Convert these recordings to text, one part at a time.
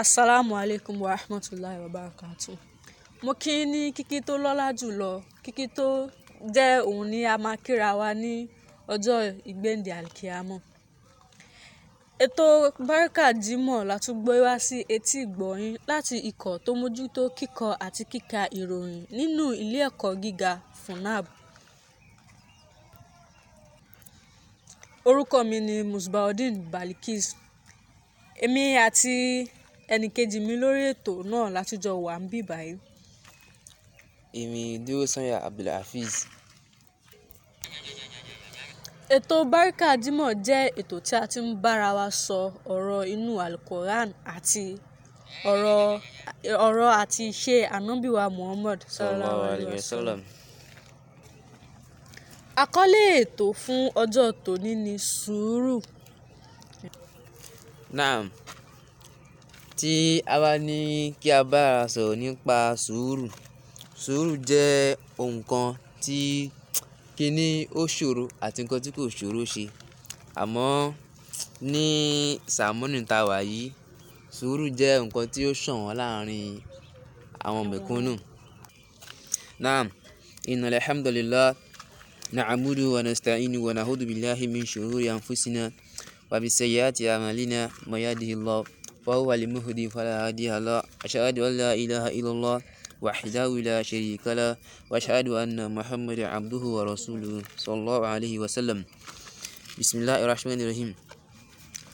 Assalamu alaikum wa rahmatullahi wa barakatuh. Mo kí yín ní kíkí tó lọ́lá jùlọ. Kíkí tó jẹ́ òun ni a máa kíra wa ní ọjọ́ ìgbéǹde àlìkíyámọ̀. Ètò Báríkà Jímọ̀ la tún gbé wá sí etí ìgbọ̀yín láti ikọ̀ tó mójútó kíkọ àti kíka ìròyìn nínú ilé ẹ̀kọ́ gíga FUNAAB. Orúkọ mi ni Musbauddeen Balkis. Èmi àti ẹni kejì mi lórí ètò náà látúnjọ wà ń bì báyìí. Èmi Dérosanya Abdulhafiz. Ètò Báríkà Jímọ̀ jẹ́ ètò tí a ti ń bára wa sọ ọ̀rọ̀ inú al àti ọ̀rọ̀, àti ìṣe Ànábì Muhammad Sallallahu Alaihi Wasallam. Àkọlé ètò fún ọjọ́ tòní ni sùúrù. Naam. Tí a bá ní kí a bá ara sọ̀rọ̀ nípa sùúrù, sùúrù jẹ́ nǹkan tí kíni ó ṣòro àti nǹkan tí kò ṣòro ṣe. Àmọ́ ní sàmọ́nì ta wà yìí, sùúrù jẹ́ nǹkan tí ó sọ̀wọ́n láàárín àwọn mẹ̀kúnnù. Naam, innal hamdalillah na'amuduhu wa nasta'inuhu wa na'udhu billahi min shururi anfusina wa min sayyiati a'malina may yahdihillahu. فهو لمهدي فلا هادي له أشهد أن لا إله إلا الله وحده لا شريك له وأشهد أن محمدا عبده ورسوله صلى الله عليه وسلم بسم الله الرحمن الرحيم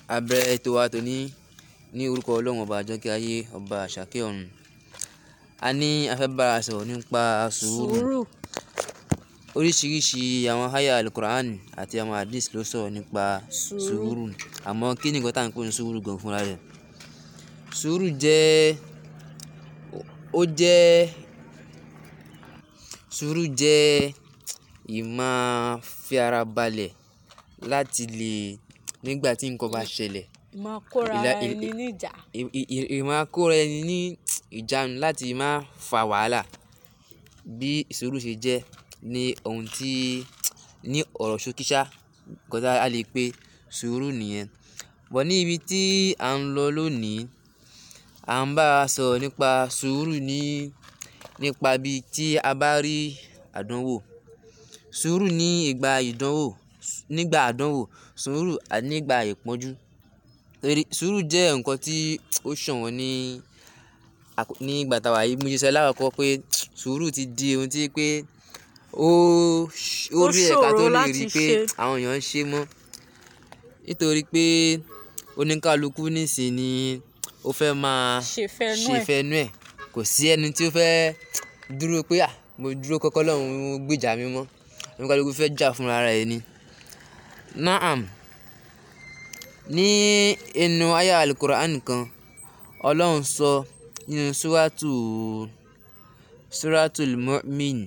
abẹ́rẹ́ ètò wa tó ní ní orúkọ ọlọ́run ọba àjọkẹ́ ayé ọba àṣàkẹ́ ọ̀run a ní afẹ́bára sọ̀rọ̀ nípa sùúrù oríṣiríṣi àwọn aya alukur'an àti àwọn hadith ló sọ̀rọ̀ nípa sùúrù àmọ́ kí ni nǹkan tá à ń pè ní sùúrù gan fúnra rẹ̀ Sùúrù jẹ́, ó jẹ́, sùúrù jẹ́ ìmá fi ara balẹ̀ láti lè nígbà tí nǹkan bá ṣẹlẹ̀. Ìmá kóra ẹni ní ìjà. Ìmá kóra ẹni ní ìjánu láti má fa wàhálà. Bí sùúrù ṣe jẹ́ ní ohun tí, ní ọ̀rọ̀ ṣókí ṣá, a lè pè sùúrù nìyẹn. But ní ibi tí à ń lọ lónìí à ń bá ara sọ̀rọ̀ nípa sùúrù ní nípa bí tí a bá rí àdánwò. Sùúrù ní ìgbà ìdánwò, nígbà àdánwò, sùúrù nígbà ìpọ́njú. Torí sùúrù jẹ́ nǹkan tí ó sọ̀wọ́n ní, ní ìgbà táa wà yìí. Mo ṣe sọ láàkọ́kọ́ pé sùúrù ti di ohun tí pé ó, ó rare ká tó lè rí pé àwọn èèyàn ń ṣe mọ́. Nítorí pé oníkálukú nísìnyí ó fẹ́ máa ṣèfẹ́nú ẹ̀ kò sí ẹni tí ó fẹ́ dúró pé à mo dúró kọ́kọ́ lọ́hùn ún gbèjà mi mọ́ ẹni kálukú fẹ́ jà fúnra rẹ̀ ni. naam ní inú aya alukur'an kan ọlọ́run sọ nínú suratu suratul mu'min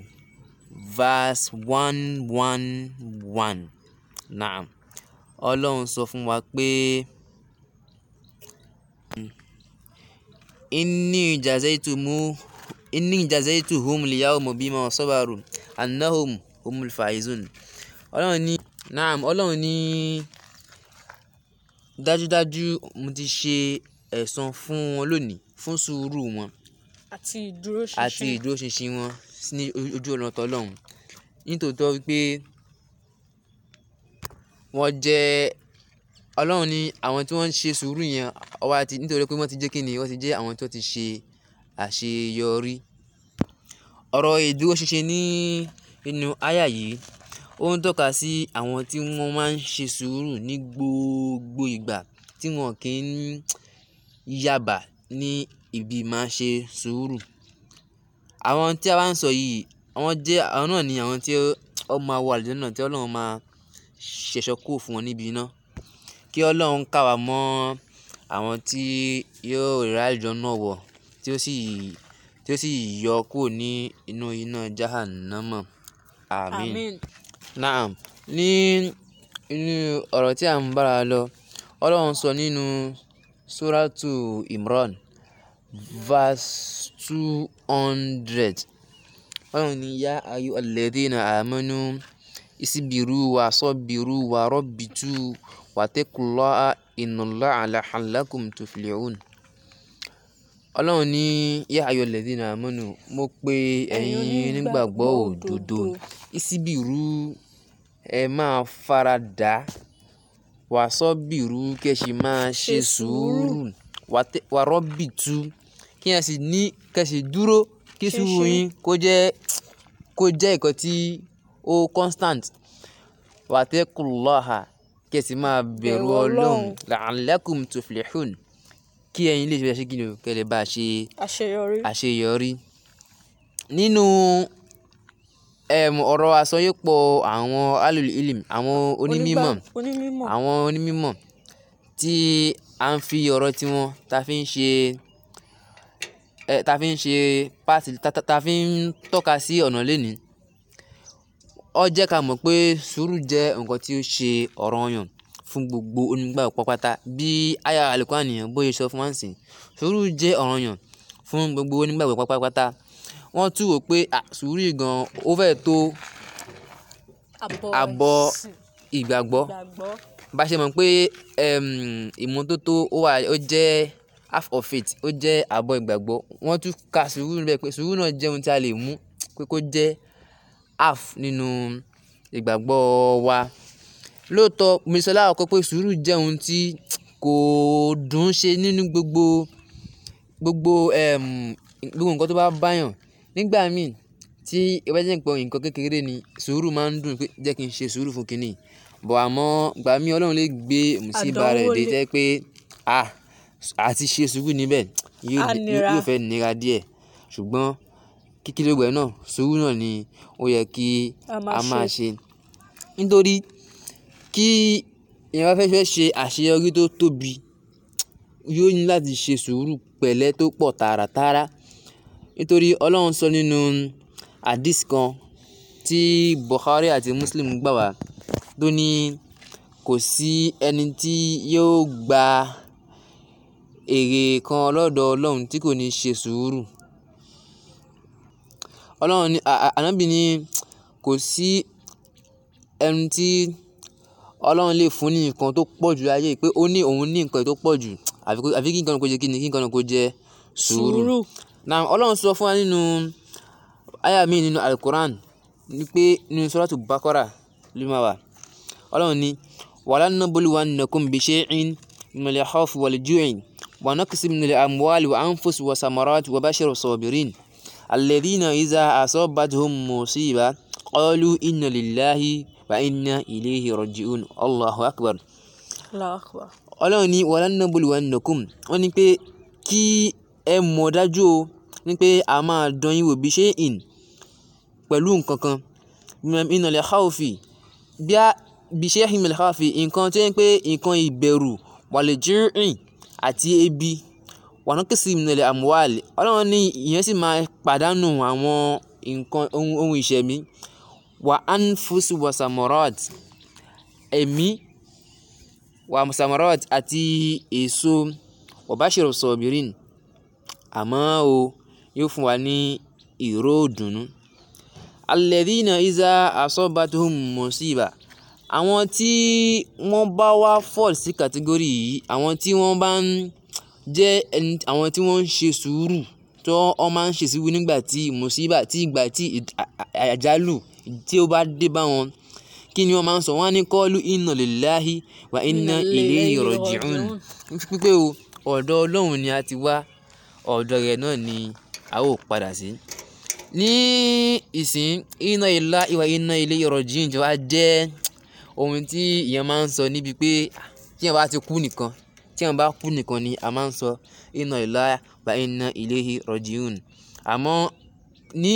verse one one one naam ọlọ́run sọ fún wa pé. Pe... inni mu, inni jazaytuhum liyawma bima sabaru annahum humul faizun ọlọ́run ní naam ọlọ́run ní dájúdájú mo ti ṣe ẹ̀san fún wọn lónìí fún sùúrù wọn àti ìdúróṣinṣin àti ìdúróṣinṣin wọn ní ojú ọ̀nà tọ́lọ́run nítòótọ́ wípé wọ́n jẹ́ Ọlọ́run ní àwọn tí wọ́n ń ṣe sùúrù yẹn, ọwọ́ àti nítorí pé wọ́n ti jẹ́ kíni, wọ́n ti jẹ́ àwọn tó ti ṣe àṣeyọrí. Ọ̀rọ̀ ìdúró ní inú áyà yìí, ó ń tọ́ka sí àwọn tí wọ́n máa ń ṣe sùúrù ní gbogbo ìgbà tí wọ́n kì í yàbá ní ibi máa ṣe sùúrù. Àwọn tí a bá ń sọ yìí, àwọn jẹ́, àwọn náà ni àwọn tí ó máa wọ àlùjànnà tí Ọlọ́run máa ṣẹ̀ṣọ́ kúrò fún wọn níbi iná. Kí Ọlọ́run kà wá mọ́ àwọn tí yóò rí àlùjànnà wọ̀, tí ó sì, tí ó sì yọ kúrò ní inú iná jahannama. Àmín. Naam. Ní inú ọ̀rọ̀ tí à ń bá ara lọ, Ọlọ́run sọ nínú Suratu Imran verse two hundred. Ọlọ́run ní "Yá ayyuhalladhina amanu isbiru wa sabbiru wa rabbitu" wàtẹ́kù lọ́ha ìnàlọ́ àlàhàlákùm tuflihun. ọlọ́run ní yá ayọ̀ lẹ́dí náà mọ́nu mo pe ẹ̀yin nígbàgbọ́ òdodo ìsíbìrú ẹ máa faradà wàsọ́ bìrú kẹ́sì máa ṣe sùúrù wàrọ́ bìtú kí ẹ sì ní kẹ́sì dúró kí sùúrù yín kó jẹ́ kó jẹ́ ìkan ó constant wàtẹ́kù lọ́ha kẹ̀sì máa bẹ̀rù ọlọ́run la'allakum tuflihun kí ẹ̀yin lè ṣe ṣe kí ni o kẹlẹ̀ bá a ṣe àṣeyọrí. nínú ọ̀rọ̀ àsọyépọ̀ àwọn alul ilim àwọn onímímọ̀ àwọn onímímọ̀ tí a ń fi ọ̀rọ̀ tiwọn ta fi ń ṣe ta fi ń ṣe pàtì ta fi ń tọ́ka sí ọ̀nà lénìí ó jẹ́ ká mọ̀ pé sùúrù jẹ́ nǹkan tí ó ṣe ọ̀ranyàn fún gbogbo onígbàgbọ́ pátá. Bí aya àlùkọ́ránì yẹn bóyé sọ fún wa ńsìn, sùúrù jẹ́ ọ̀ranyàn fún gbogbo onígbàgbọ́ pátápátá. Wọ́n tún wò pé à sùúrù gan ó fẹ́ tó àbọ̀ ìgbàgbọ́. Bá ṣe mọ̀ pé ìmọ́tótó ó jẹ́ half of faith, ó jẹ́ àbọ̀ ìgbàgbọ́. Wọ́n tún ka sùúrù bẹ́ẹ̀ pé sùúrù náà jẹ́ ohun tí a lè mú pé kó jẹ́ half nínú ìgbàgbọ́ wa. Lóòótọ́, mo sọ láàkọ́kọ́ pé sùúrù jẹ́ ohun tí kò dùn ṣe nínú gbogbo, gbogbo, ẹm, ehm, gbogbo nǹkan tó bá bá yàn. Nígbà mí tí o bá jẹ́ pé nǹkan kékeré ni, sùúrù máa ń dùn pé jẹ́ kí n ṣe sùúrù fún kíni yìí. But àmọ́ ìgbà mí Ọlọ́run lè gbé musiba rẹ̀ dé to jẹ́ pé, à, ah, àti ṣe sùúrù níbẹ̀ yóò fẹ́ nira díẹ̀. Ṣùgbọ́n kíkílógo ẹ̀ náà, sùúrù náà ni ó yẹ kí a máa ṣe. Nítorí kí èèyàn bá fẹ́ fẹ́ ṣe àṣeyọrí tó tóbi, yóò ní láti ṣe sùúrù pẹ̀lẹ́ tó pọ̀ tàràtàrà. Nítorí Ọlọ́run sọ nínú hadith kan tí Bukhari àti Muslim gbà wá tó ní kò sí ẹni tí yóò gba èrè kan lọ́dọ̀ Ọlọ́run tí kò ní ṣe sùúrù. Ọlọ́run ní, ànábì ní kò sí ẹni tí Ọlọ́run lè fún ní nǹkan tó pọ̀ jù láyé pé ó ní òun ní nǹkan tó pọ̀ jù àfi kí nǹkan náà kó jẹ́ kíni, kí nǹkan náà kó jẹ́ sùúrù. Now Ọlọ́run sọ fún wa nínú aya mi nínú Al-Quran ní pé nínú Suratu Baqarah ló máa wà. Ọlọ́run ní "walanabluwannakum bishay'in minal khawfi wal ju'i wa naqsin minal amwali wal anfusi was samarati wa bashiri as-sabirin." الذين إذا أصابتهم مصيبة قالوا إنا لله وإنا إليه راجعون الله أكبر الله أكبر ọlọ́run ní wọlé nàbùlùwà nàkùn wọ́n ní pé kí ẹ mọ̀ dájú o ní pé a máa dán yín wò bí ṣé in pẹ̀lú nǹkan kan ìnàlẹ̀ káwọ́fì bí ṣé ìnàlẹ̀ káwọ́fì nǹkan tó yẹ pé nǹkan ìbẹ̀rù wàlẹ̀ jírìn àti ebi wànúkìsì minal amwali ọlọ́run ní ìyẹn sì máa pàdánù àwọn nǹkan ohun ìṣẹ̀mí wa anfusi wa samarad ẹ̀mí wa samarad àti èso wa bashiru sabirin àmọ́ o yóò fún wa ní ìró ìdùnnú alladhina iza asabatuhum musiba àwọn tí wọ́n bá wá fall sí kàtígórì yìí àwọn tí wọ́n bá ń jẹ́ ẹni àwọn tí wọ́n ń ṣe sùúrù, tí wọ́n máa ń ṣe sùúrù nígbà tí ìmùsíbà, tí ìgbà tí àjálù tí ó bá dé bá wọn. Kí ni wọ́n máa ń sọ? Wọ́n á ní "Qalu inna lillahi wa inna ilayhi raji'un". Wípé o, ọ̀dọ̀ Ọlọ́run ni a ti wá, ọ̀dọ̀ rẹ̀ náà ni a ó padà sí. Ní ìsìn "inna lillahi wa inna ilayhi raji'un" ti wá jẹ́ ohun tí èèyàn máa ń sọ níbi pé tí èèyàn bá ti kú nìkan tí èèyàn bá kú nìkan ni a máa ń sọ inna lillahi wa inna ilaihi raji'un. Àmọ́ ní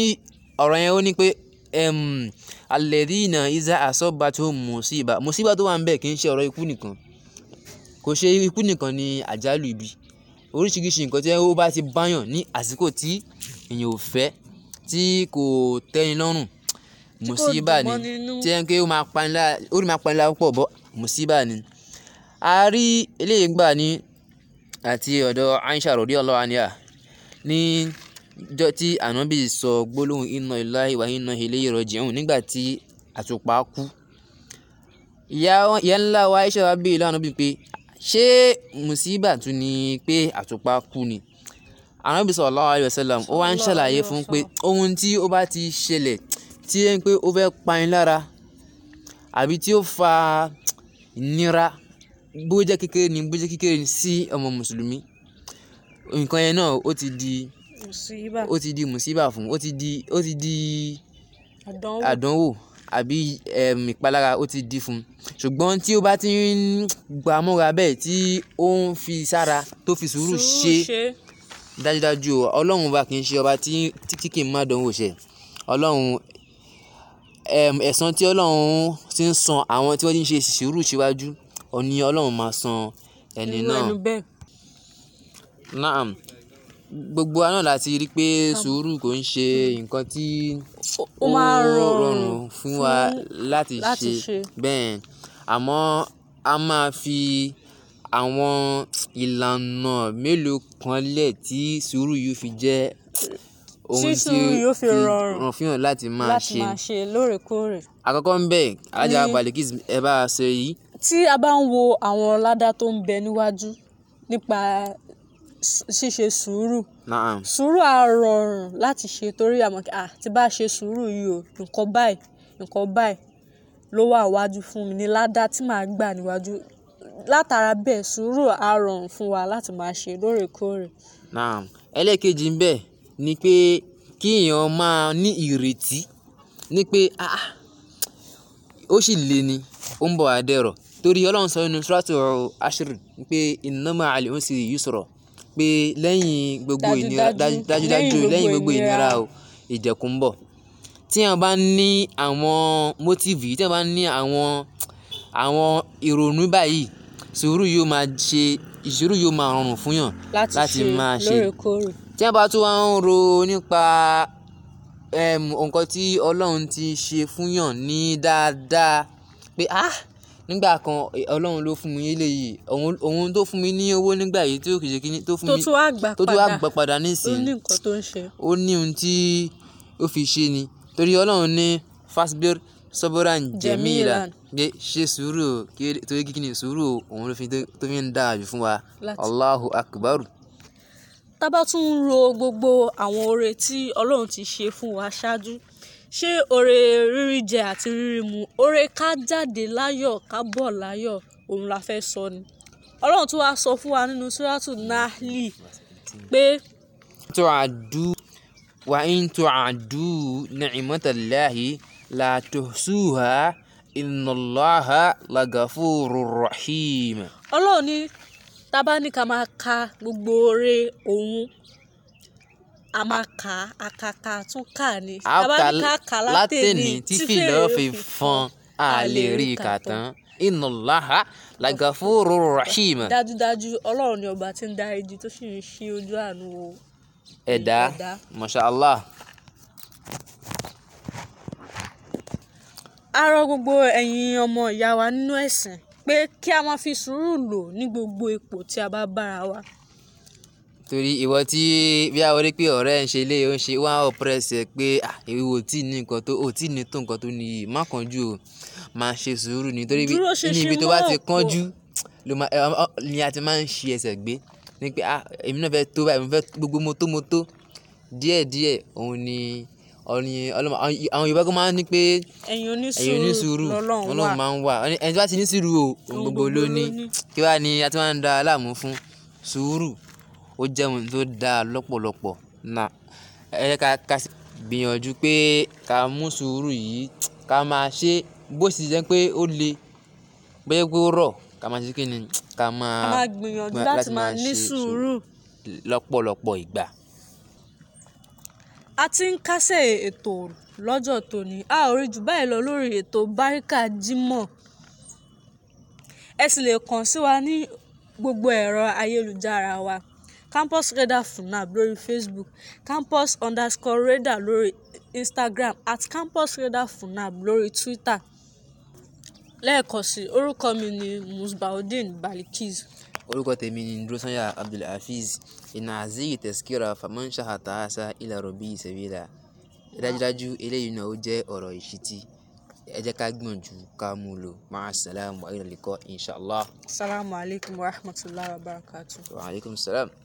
ọ̀rọ̀ yẹn ó ní pé, ẹm, alladhina iza asabathum musiba. Musiba tó wà níbẹ̀ kì í ṣe ọ̀rọ̀ ikú nìkan. Kò ṣe ikú nìkan ni àjálù ibi. Oríṣiríṣi nǹkan tí ó bá ti bá ní àsìkò tí èèyàn ò fẹ́, tí kò tẹ́ni lọ́rùn, musiba ni. Tí ó jẹ́ pé ó máa pani lára, ó máa pani púpọ̀, but musiba ni. A rí eléyìí gbà ní àti ọ̀dọ̀ Aisha radiyallahu anha ní ọjọ́ tí Ànábì sọ gbólóhùn inna lillahi wa inna ilayhi raji'un nígbà tí àtùpà kú. Ìyá ńlá wa Aisha wá béèrè lọ́wọ́ Ànábì pé ṣé mùsíbà tún ni pé àtùpà kú ni? Ànábì sallallahu alayhi wa sallam ó wá ń ṣàlàyé fún un pé ohun tí ó bá ti ṣẹlẹ̀ tí ó ń pé ó fẹ́ pani lára àbí tí ó fa ìnira bó jẹ́ kékeré ni bó jẹ́ kékeré ni sí ọmọ mùsùlùmí nǹkan yẹn náà ó ti di mùsíbà ó ti di mùsíbà fún ó ti di ó ti di àdánwò àbí ìpalára ó ti di fún un ṣùgbọ́n tí ó bá ti ń gbà mọ́ra bẹ́ẹ̀ tí ó ń fi sára tó fi sùúrù ṣe dájúdájú ọlọ́run bá kì í ṣe ọba tí kì má dánwò ṣe ọlọ́run ẹ̀san tí ọlọ́run ti ń san àwọn tí wọ́n ti ń ṣe sùúrù síwájú ọ̀ní Ọlọ́run máa san ẹni náà. Naam, gbogbo wa náà la ti rí pé sùúrù kò ń ṣe nǹkan tí ó rọrùn fún wa láti ṣe bẹ́ẹ̀. Àmọ́ a máa fi àwọn ìlànà mélòó kan lẹ̀ tí sùúrù yóò fi jẹ́ ohun tí ó fi rọrùn fún èèyàn láti máa ṣe. Àkọ́kọ́ ń bẹ̀, Alájá Balkis, ẹ bá wa ṣe èyí tí a bá ń wo àwọn ládá tó ń bẹ níwájú nípa ṣíṣe sùúrù. Naam. Sùúrù á rọrùn láti ṣe torí a mọ̀ pé à tí bá ṣe sùúrù yìí o, nǹkan báyìí, nǹkan báyìí ló wà iwájú fún mi ní ládá tí màá gbà níwájú. Látara bẹ́ẹ̀ sùúrù á rọrùn fún wa láti máa ṣe lóòrèkóòrè. Naam. ń bẹ ni pé kí èèyàn máa ní ìrètí ní pé, ó sì le ni, ó ń bọ̀ wá dẹ̀rọ̀." Torí Ọlọ́run sọ nínú Suratu Ashr pé inna ma'al usri yusra pé lẹ́yìn gbogbo ìnira dájúdájú lẹ́yìn gbogbo ìnira o ìdẹ̀kùn ń bọ̀. Tí èèyàn bá ní àwọn motive yìí, tí èèyàn bá ní àwọn, àwọn ìrònú báyìí, sùúrù yóò máa ṣe, sùúrù yóò máa rọrùn fún èèyàn láti máa ṣe. Tí èèyàn bá tún wá ń ro nípa, ẹm, nǹkan tí Ọlọ́run ti ṣe fún èèyàn ní dáadáa pé "áà!" Ah, Nígbà kan Ọlọ́run ló fún mi ní eléyìí, òun, òun tó fún mi ní owó nígbà yìí tí ó kì í ṣe kíni, tó fún mi, tó tún wá gbà padà, tó tún wá gbà nísìnyí. Ó ní nǹkan tó ń ṣe. Ó ní ohun tí ó fi ṣe ni. Torí Ọlọ́run ní "Fasbir Soboran Jamila" pé ṣe sùúrù o, torí kíni sùúrù o, òun ló fi tó fi ń dára jù fún wa. Allahu Akbar. Tá bá tún ro gbogbo àwọn oore tí Ọlọ́run ti ṣe fún wa ṣáájú. Ṣé oore rírí jẹ àti rírí mu, oore ká jáde láyọ̀ ká bọ̀ láyọ̀, òun la fẹ́ sọ ni. Ọlọ́run tún wá sọ fún wa nínú Suratu Nahl pé Wa in tu'addu ni'matallahi la tuhsuha innallaha laghafurur rahim. Ọlọ́run ní, ta bá ní ká máa ka gbogbo oore òun a máa kà á àkàkà tún kà ní. àkà látẹ̀lì tí fìlọ́ fi fọn a lè rí i kà tán inna Allaha lagafuru rahim. dájúdájú ọlọ́run ni ọba tí ń dá ẹjì tó sì ń ṣí ojú àánú o. ẹ̀dá masha allah. a rọ gbogbo ẹ̀yin ọmọ ìyá wa nínú ẹ̀sìn pé kí a máa fi sùúrù lò ní gbogbo ipò tí a bá bára wa. Torí ìwọ tí boya o rí pé ọ̀rẹ́ ẹ ń ṣe eléyi, ó ń ṣe, o wá oppress ẹ pé à, ìwọ ò tí ì ní nǹkan tó, ò tí ní tó nǹkan tó ní má kánjú o. Máa ṣe sùúrù ni torí níbi tó bá ti kánjú ni a ti máa ń ṣi ẹsẹ̀ gbé. Ní pé à, èmi náà fẹ́ tó báyìí, mo fẹ́ gbogbo mo tó mo tó. Díẹ̀ díẹ̀, òun ni, òun ni àwọn Yorùbá gan máa ní pé ẹ̀yin onísùúrù lọ́lọ́run máa ń wà. Ẹni tí bá ti ní sùúrù o, ohun gbogbo ló ní. Kí wá ni a tun wá ń dá láàmú fún? Sùúrù ó jẹ́ ohun tó dáa lọ́pọ̀lọpọ̀. Náà, ẹ jẹ́ ká gbìyànjú pé ká mú sùúrù yìí, ká máa ṣe bó sì jẹ́ pé ó le, bó pé ó rọ̀, ká máa ṣe kí ni, ká máa gbìyànjú láti máa ní sùúrù lọ́pọ̀lọpọ̀ ìgbà. A ti ń kásẹ̀ ètò lọ́jọ́ tòní, a ò rí ju báyìí lọ lórí ètò Barika Jimoh. Ẹ sì lè kàn sí wa ní gbogbo ẹ̀rọ ayélujára wa campus radar Funab lórí facebook campus underscore radar lórí instagram at campus radar Funab lórí twitter lẹ́ẹ̀kan sí orúkọ mi ni musbaudeen balikis orúkọ tèmi ni ndrosanya abdulhafiz ìnàzíyì tẹ̀síkìrà fàmọ́nṣà àtàásá ìlàrọ̀bí ìsẹ̀wéla dájúdájú eléyìí náà ó jẹ́ ọ̀rọ̀ ìṣítí ẹ jẹ́ ká gbìyànjú ká mú un lò máa sàlámù ayélujára inshallah. salaamu alaykum wa rahmatulahi wa barakatu. wa alaykum salaam.